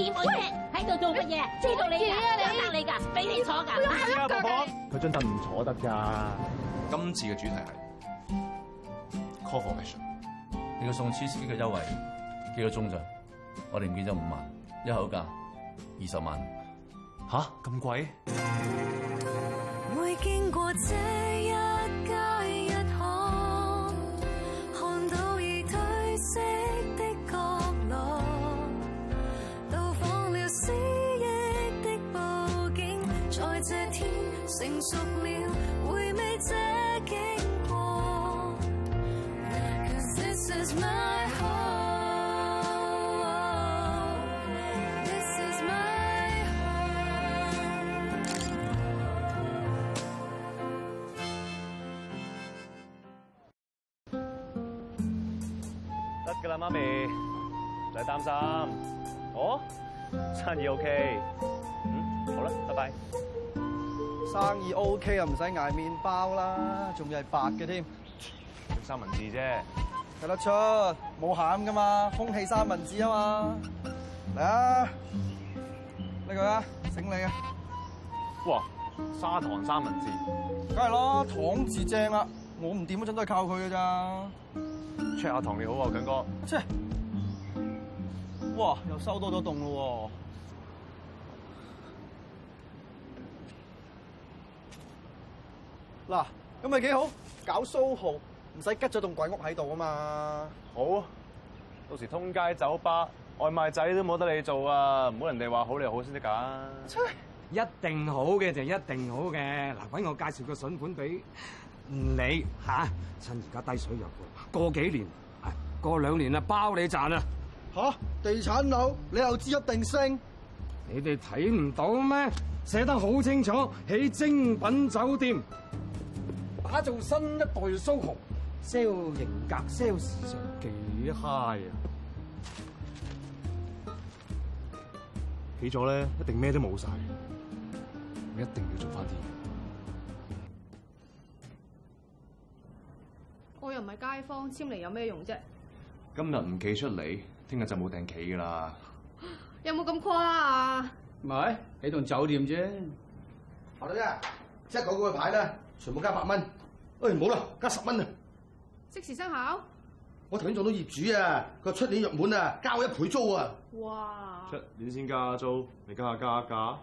做乜喺度做乜嘢？知道你架、啊，你架、啊、你架你架，俾你坐㗎。婆婆，佢真得唔坐得㗎。今次嘅主題係。你個送黐絲嘅優惠幾個鐘咋？我哋唔見咗五萬一口價二十萬。吓、啊？咁貴？會經過啦，媽咪，唔使擔心，哦，生意 OK，嗯，好啦，拜拜。生意 OK 又唔使挨麵包啦，仲要係白嘅添。食三文治啫，睇得出冇餡噶嘛，空氣三文治啊嘛。嚟啊，呢個啊，醒你啊。哇，砂糖三文治，梗係咯，糖字正啊。我唔掂嗰種都係靠佢噶咋。check 唐利，好啊，強哥。check！哇，又收多咗棟咯喎。嗱、啊，咁咪幾好？搞蘇豪，唔使吉咗棟鬼屋喺度啊嘛。好，到時通街酒吧、外賣仔都冇得你做啊！唔好人哋話好你好先得㗎。check、啊！一定好嘅就一定好嘅。嗱，揾我介紹個筍盤俾。唔理吓、啊、趁而家低水入，過幾年，過兩年啦，包你賺了啊！吓，地產佬你又知一定升，你哋睇唔到咩？寫得好清楚，起精品酒店，打造新一代蘇豪，sell 型格，sell 時尚，幾 high 啊！起咗咧，一定咩都冇晒，一定要做翻啲嘢同埋街坊簽嚟有咩用啫？今日唔企出嚟，聽日就冇訂企噶啦。有冇咁誇啊？唔係喺棟酒店啫。阿東啫？即係嗰個牌啦，全部加八蚊。唔好啦，加十蚊啦。即時生效。我頭先撞到業主啊，佢話出年入門啊，交一倍租啊。哇！出年先加租，你加下加下價。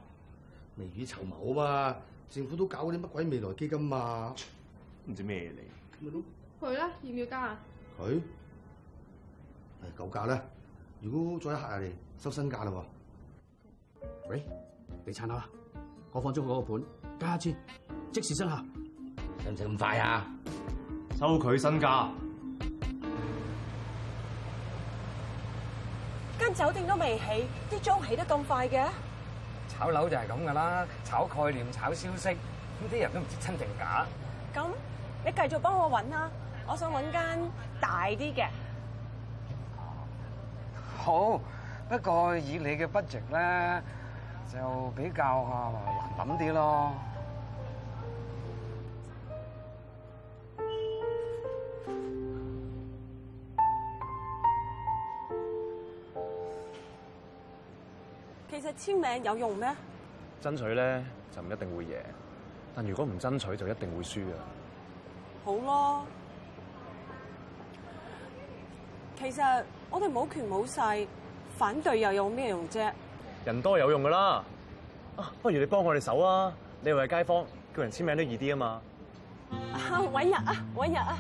未雨綢繆嘛，政府都搞嗰啲乜鬼未來基金嘛，唔知咩嚟、啊。咪咯。佢咧要唔要加啊？佢係舊價呢？如果再客、okay. hey, 一客嚟收身價啦喎。喂，地產呀，我放咗嗰個盤，加一千，即時生效。使唔使咁快啊？收佢身價，間酒店都未起，啲租起得咁快嘅？炒樓就係咁噶啦，炒概念、炒消息，咁啲人都唔知真定假。咁你繼續幫我揾啦、啊。我想揾間大啲嘅好，不過以你嘅 budget 咧，就比較難揾啲咯。其實簽名有用咩？爭取咧就唔一定會贏，但如果唔爭取就一定會輸啊！好咯。其實我哋冇權冇勢，反對又有咩用啫？人多有用噶啦！啊，不如你幫我哋手啊！你係街坊，叫人簽名都易啲啊嘛。揾日啊，揾日啊！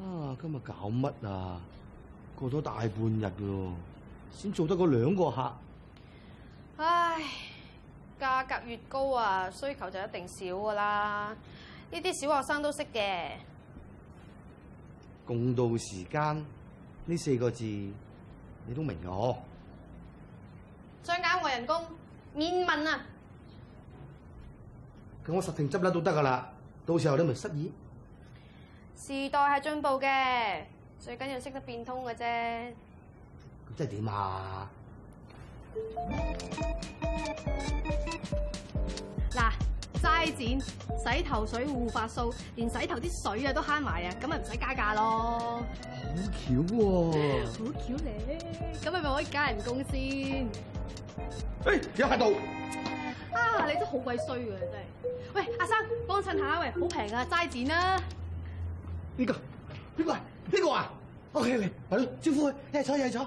啊，啊，今日搞乜啊？過咗大半日咯，先做得嗰兩個客。唉。價格越高啊，需求就一定少噶啦。呢啲小學生都識嘅。共度時間呢四個字，你都明我嗬？想減我人工，免問啊！咁我實情執笠都得㗎啦，到時候你咪失業。時代係進步嘅，最緊要識得變通嘅啫。咁即係點啊？嗱、啊，齋剪，洗頭水、護髮素，連洗頭啲水啊都慳埋啊，咁咪唔使加價咯。好巧喎、啊啊！好巧咧、啊，咁咪咪可以加人工先。哎、欸，有喺度。啊，你都好鬼衰㗎真係、啊。喂，阿生，幫襯下喂，好平啊，齋剪啦。邊、這個？邊、這個？呢、這個啊？O K 嚟，係、okay, 咯，招呼佢，入坐，入坐。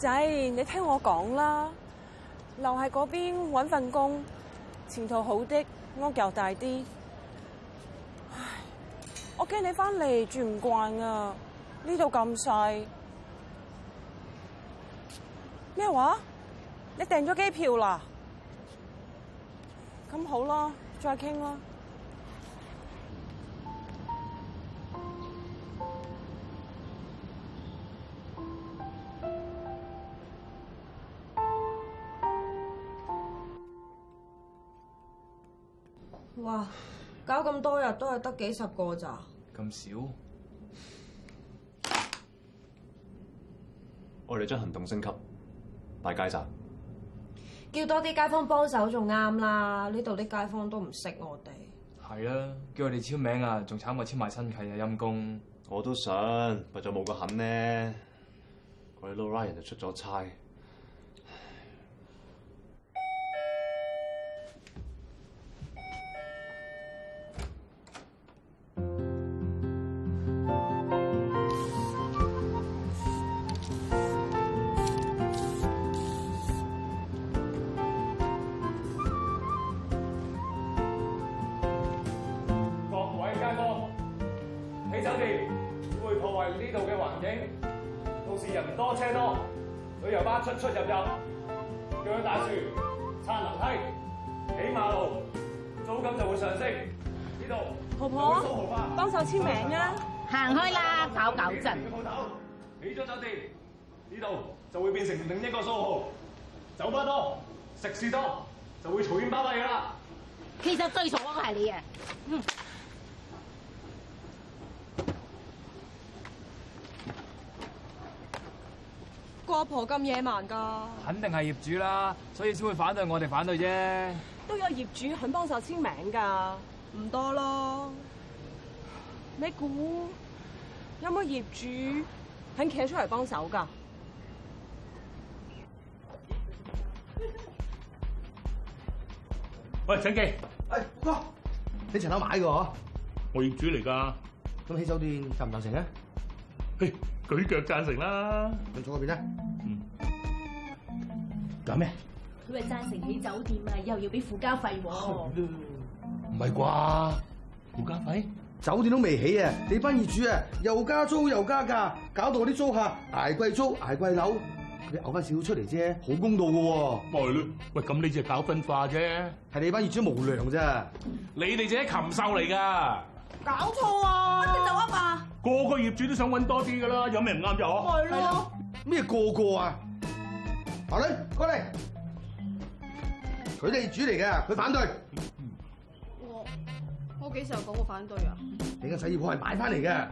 仔，你聽我講啦，留喺嗰邊揾份工，前途好啲，屋又大啲。唉，我驚你翻嚟住唔慣啊！呢度咁細。咩話？你訂咗機票啦？咁好咯，再傾咯。哇！搞咁多日都係得幾十個咋？咁少，我哋將行動升級，擺街站叫多啲街坊幫手仲啱啦。呢度啲街坊都唔識我哋。係啊，叫我哋簽名啊，仲慘過簽賣身契啊！陰公，我都想，不過冇個肯咩？我哋老闆人就出咗差。嘅環境，到時人多車多，旅遊巴出出入入，腳大樹、撐樓梯、起馬路，租金就會上升。呢度婆婆幫手簽名啊！行開啦，搞搞震。起咗酒店，呢度就會變成另一個數號，酒吧多、食肆多，就會嘈喧巴閉㗎喇。其實最嘈嗰個係你啊。嗯個阿婆咁野蠻噶，肯定係業主啦，所以先會反對我哋反對啫。都有業主肯幫手簽名噶，唔多咯。你估有冇業主肯企出嚟幫手噶？喂，陳記，哎，哥，你層樓買嘅？我業主嚟噶。咁起酒店贊唔贊成呢？嘿。舉腳贊成啦，你坐過邊啊？嗯，搞咩？佢話贊成起酒店啊，以後要俾附加費喎，啊。唔係啩？附加費？酒店都未起啊，你班業主啊又加租又加價，搞到我啲租客捱貴租捱貴樓，佢哋嘔翻少少出嚟啫，好公道嘅喎，啊。係啦，喂，咁你只係搞分化啫，係你班業主無良啫，你哋就係禽獸嚟㗎。搞錯啊！快啲走啊嘛！個個業主都想揾多啲噶啦，有咩唔啱啫？啊！係咯咩個個啊？阿麗，過嚟！佢、okay. 業主嚟嘅，佢反對。我我幾時講過反對啊？你嘅洗染鋪係買翻嚟嘅。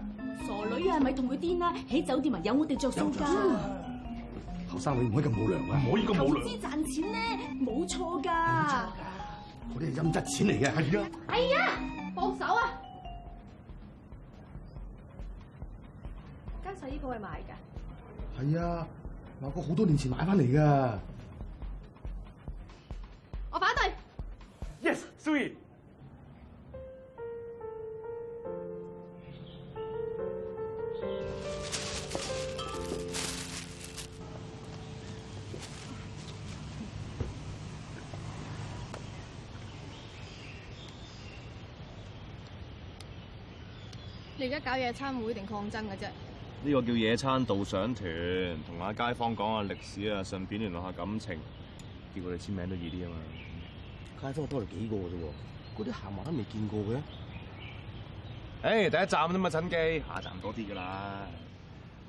傻女啊，咪同佢癲啊？起酒店啊，有我哋着數噶。後生女唔可以咁冇良啊！唔可以咁冇良。唔知賺錢咧，冇錯噶。嗰啲係陰質錢嚟嘅，係啊！哎呀，放手啊！家世依個去買噶，係啊，我哥好多年前買翻嚟噶。我反對 yes。Yes，Zoe 你而家搞嘢參會定抗爭嘅啫？呢、這個叫野餐導賞團，同下街坊講下歷史啊，順便聯絡下感情，叫佢哋簽名都易啲啊嘛。街坊多嚟幾個啫喎，嗰啲行雲都未見過嘅。誒、hey，第一站啫嘛，趁機下站多啲㗎啦。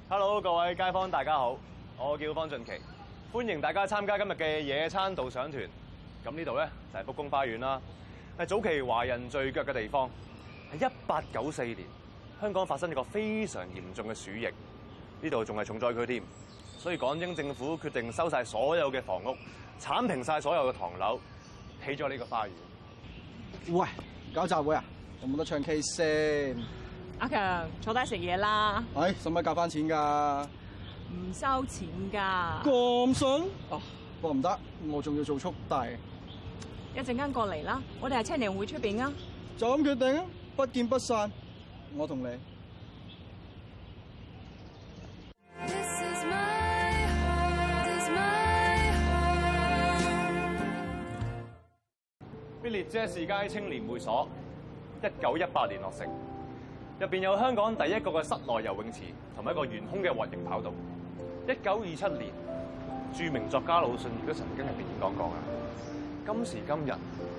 Hello，各位街坊，大家好，我叫方駿麒，歡迎大家參加今日嘅野餐導賞團。咁呢度咧就係、是、卜公花園啦，係早期華人聚腳嘅地方，係一八九四年。香港發生咗個非常嚴重嘅鼠疫，呢度仲係重災區添，所以港英政府決定收晒所有嘅房屋，剷平晒所有嘅唐樓，起咗呢個花園。喂，搞集會啊？有冇得唱 K 先、啊？阿、okay，強坐低食嘢啦。唉、哎，使唔使夾翻錢㗎、啊？唔收錢㗎。咁筍？哦、oh. oh,，不過唔得，我仲要做速遞。一陣間過嚟啦，我哋喺青年會出邊啊。就咁決定，不見不散。我同你。必列者士街青年會所，一九一八年落成，入邊有香港第一個嘅室內游泳池，同埋一個懸空嘅環形跑道。一九二七年，著名作家魯迅亦都曾經係嚟講過啊。今時今日。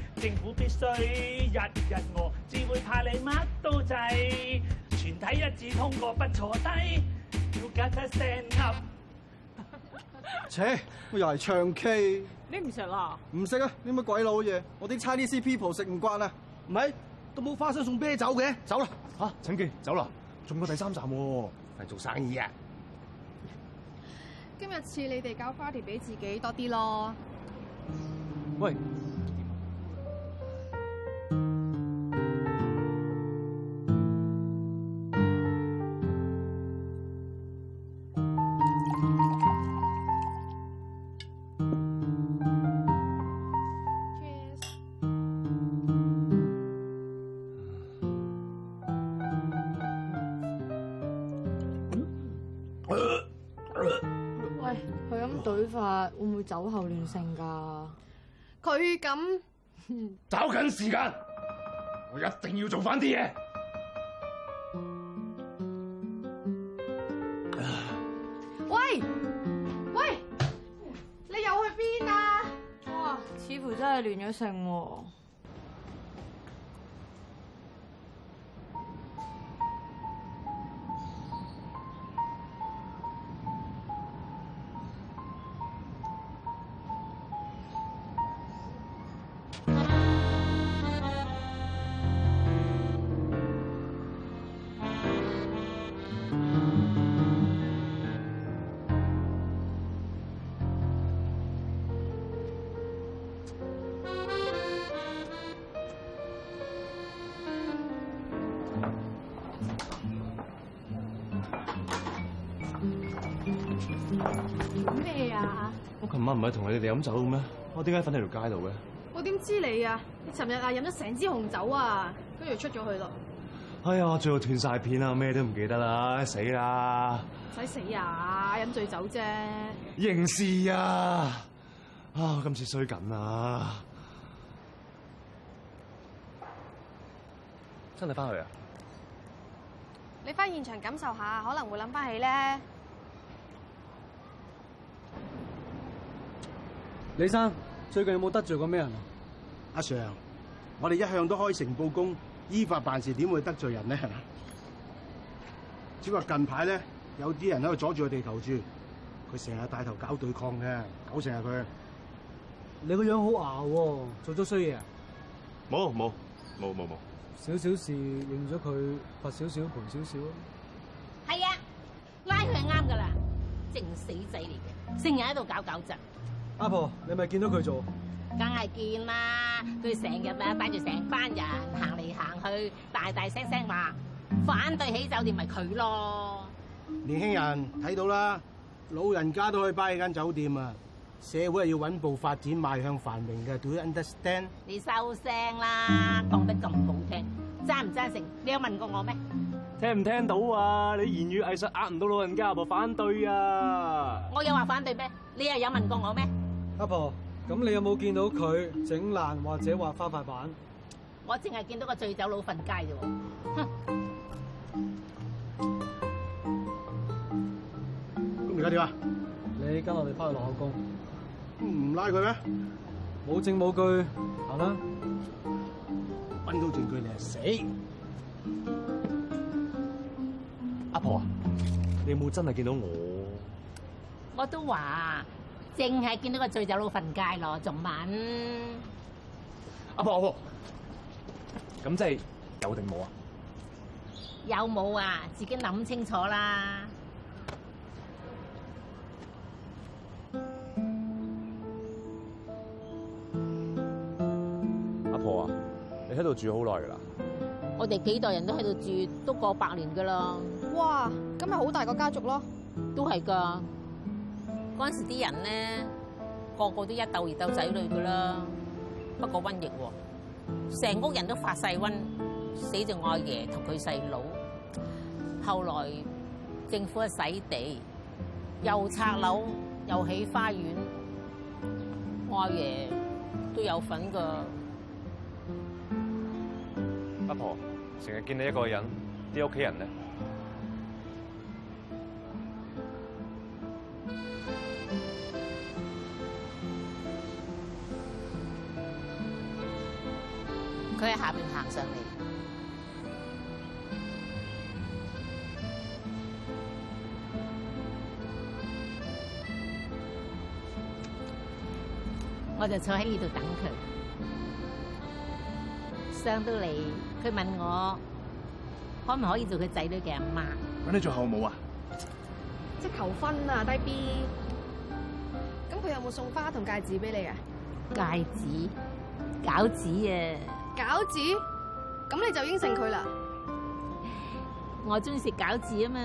政府必須日日餓，只會怕你乜都制。全體一致通過，不坐低，要 get a stand up 切、啊，我又係唱 K。你唔食啦？唔食啊？啲乜鬼佬嘢？我啲 Chinese people 食唔慣啊！唔係，都冇花生送啤酒嘅，走啦吓，陳、啊、記走啦，仲有第三站喎、啊，係做生意啊！今日似你哋搞 party 俾自己多啲咯。喂。酒後亂性㗎，佢咁，找 緊時間，我一定要做返啲嘢。 喂，喂，你又去邊啊？哇，似乎真係亂咗性喎、啊。琴晚唔係同你哋飲酒咩？我點解瞓喺條街度嘅？我點知你啊？你尋日啊飲咗成支紅酒啊，跟住出咗去咯。哎呀，我最後斷晒片啊，咩都唔記得啦，死啦！使死呀？飲醉酒啫。刑事呀！啊！啊，今次衰緊啊！真係翻去啊？你翻現場感受下，可能會諗翻起咧。李生，最近有冇得罪過咩人啊？阿 Sir，我哋一向都開誠布公、依法辦事，點會得罪人呢？只係近排咧，有啲人喺度阻住我地頭轉，佢成日帶頭搞對抗嘅，搞成日佢。你個樣好牙喎，啊，做咗衰嘢？冇冇冇冇冇，少少事，認咗佢，罰少少，賠少少咯。係啊，拉佢係啱㗎喇，正死仔嚟嘅，成日喺度搞搞震。阿婆，婆，你咪見到佢做，梗係見啦。佢成日啊，帶住成班人行嚟行去，大大聲聲話反對起酒店，咪佢咯。年輕人睇到啦，老人家都可以包起間酒店啊！社會係要穩步發展，邁向繁榮嘅。Do you understand？你收聲啦，講得咁好聽，贊唔贊成？你有問過我咩？聽唔聽到啊？你言語藝術呃唔到老人家阿婆，婆反對啊！嗯，我有話反對咩？你又有問過我咩？阿婆，咁你有冇見到佢整爛或者畫花塊板？我淨係見到個醉酒佬瞓街啫。哼。咁而家點啊？你跟我哋翻去落口供，唔拉佢咩？冇證冇據，行啦，揾到證據你啊死！阿婆你有冇真係見到我？我都話。正係見到個醉酒佬瞓街咯，仲問。阿婆，阿婆，咁即係有定冇啊？有冇啊？自己諗清楚啦。阿婆啊，你喺度住好耐噶啦？我哋幾代人都喺度住，都過百年噶啦。哇，咁咪好大個家族咯？都係噶。嗰陣時啲人咧，個個都一竇二竇仔女噶啦，不過瘟疫喎、啊，成屋人都發晒瘟，死剩我阿爺同佢細佬。後來政府一洗地，又拆樓又起花園，我阿爺都有份噶。阿婆，婆，成日見你一個人，啲屋企人咧？佢喺下邊行上嚟，我就坐喺呢度等佢。上到嚟，佢問我可唔可以做佢仔女嘅阿媽？揾你做後母啊？即係求婚啊，低 B。咁佢有冇送花同戒指俾你啊？戒指？餃子啊！餃子，咁你就應承佢啦。我鍾意食餃子啊嘛。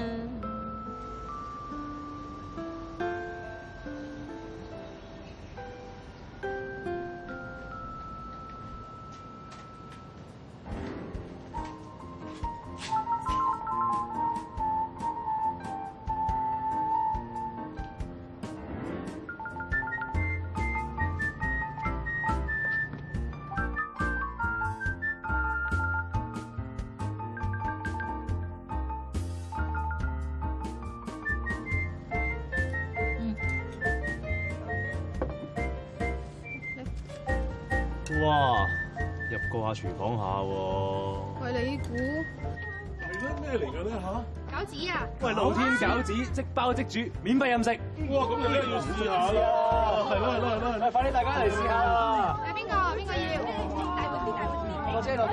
哇！入過下廚房下喎、啊。喂，你估係啦咩嚟嘅咧吓？餃、啊、子啊！喂，露天餃子，子即包即煮，免費任食。哇！咁你都要試下啦、啊，係啦係啦係啦，快啲、啊、大家嚟試下係邊個邊個要？大問題，大問題。阿姐攞。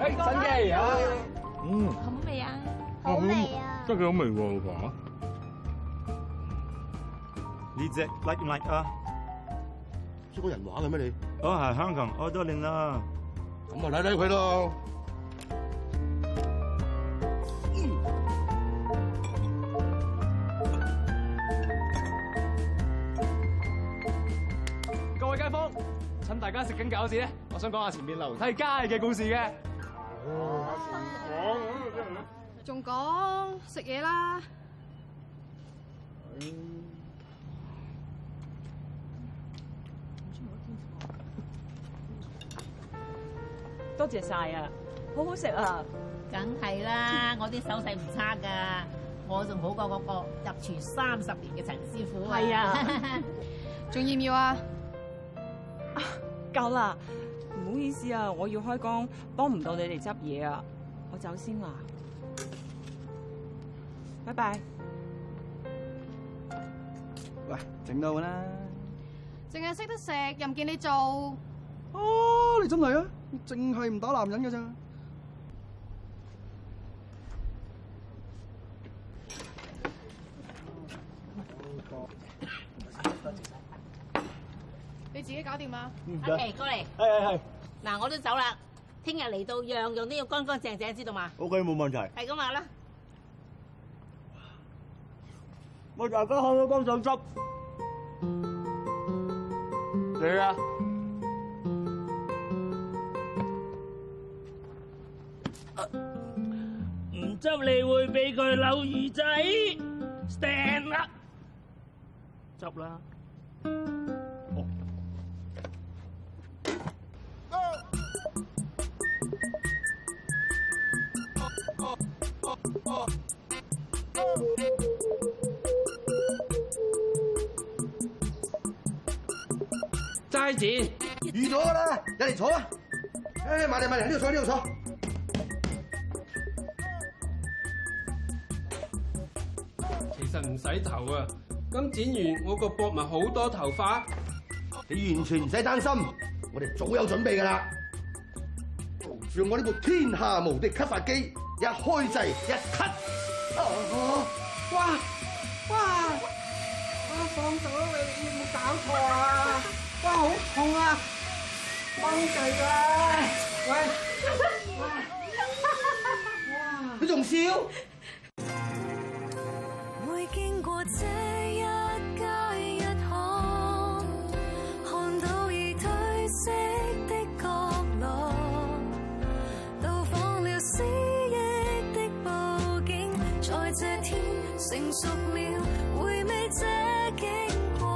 哎、啊，陳記，哎、 欸啊，嗯，好味啊？好味啊！真係好味喎，哇！呢隻 like 唔 like 啊？講人話嘅咩你？我係香港好多年啦，咁咪睇睇佢咯。各位街坊，趁大家食緊餃子，我想講下前面樓梯街嘅故事嘅。仲講食嘢啦。多謝晒啊！好好食啊！梗係啦，我啲手勢唔差㗎，我仲好過嗰個入廚三十年嘅陳師傅啊！係啊 ，仲要唔要啊？啊夠啦！唔好意思啊，我要開工，幫唔到你哋執嘢啊，我先走先啦，拜拜！喂，整到㗎啦！淨係識得食，又唔見你做哦、啊！你真係啊！淨係唔打男人噶咋？你自己搞掂啊！阿奇過嚟，係係係。嗱，我都走啦。聽日嚟到樣樣都要乾乾淨淨，知道嘛？OK，冇問題。係咁話啦。我大家好好幫手，執嚟啊！執你會俾佢扭耳仔，定啦，執啦。哦，齋子，預咗啦，入嚟坐啊，誒，埋嚟埋嚟，呢度坐呢度坐。洗頭啊！咁剪完我個膊咪好多頭髮，你完全唔使擔心，我哋早有準備噶啦。用我呢部天下無敵吸發機，一開制一吸。哦，哇哇，哇！哇！放手，你有冇搞錯啊！哇，好痛啊！幫計啦，喂！ 哇！佢仲笑。會經過這一街一巷，看到已褪色的角落，到訪了思憶的布景，在這天成熟了，回味這經過。